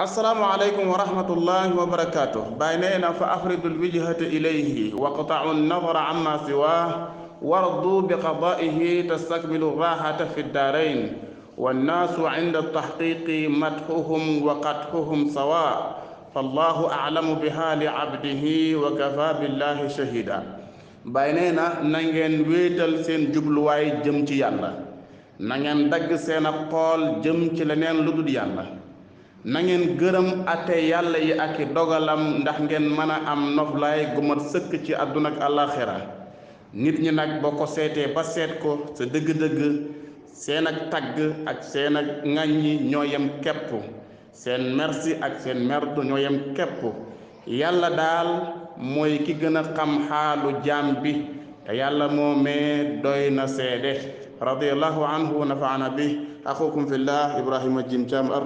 السلام عليكم ورحمة الله وبركاته بيننا فأفرد الوجهة إليه وقطع النظر عما سواه وارضوا بقضائه تستكمل الراحة في الدارين والناس عند التحقيق مدحهم وقدحهم سواء فالله أعلم بها لعبده وكفى بالله شهيدا بيننا ننجن ويتل سين جبلواي جمتي يالا ننجن دق سين قول جمتي لنين لدود يالا na ngeen gërëm ate yàlla yi ak i dogalam ndax ngeen mën a am noflaay gu mat sëkk ci àdduna ak àllaaxira nit ñi nag boo ko seetee ba seet ko sa dëgg-dëgg seen ak tagg ak seen ak ŋàññi ñoo yem keppu seen merci ak seen merdu ñoo keppu yàlla daal mooy ki gën a xam xaalu jaam bi te yàlla moomee doy na seede radiallahu anhu wa nafaana bi axukum fillah ibrahima jim jaam ar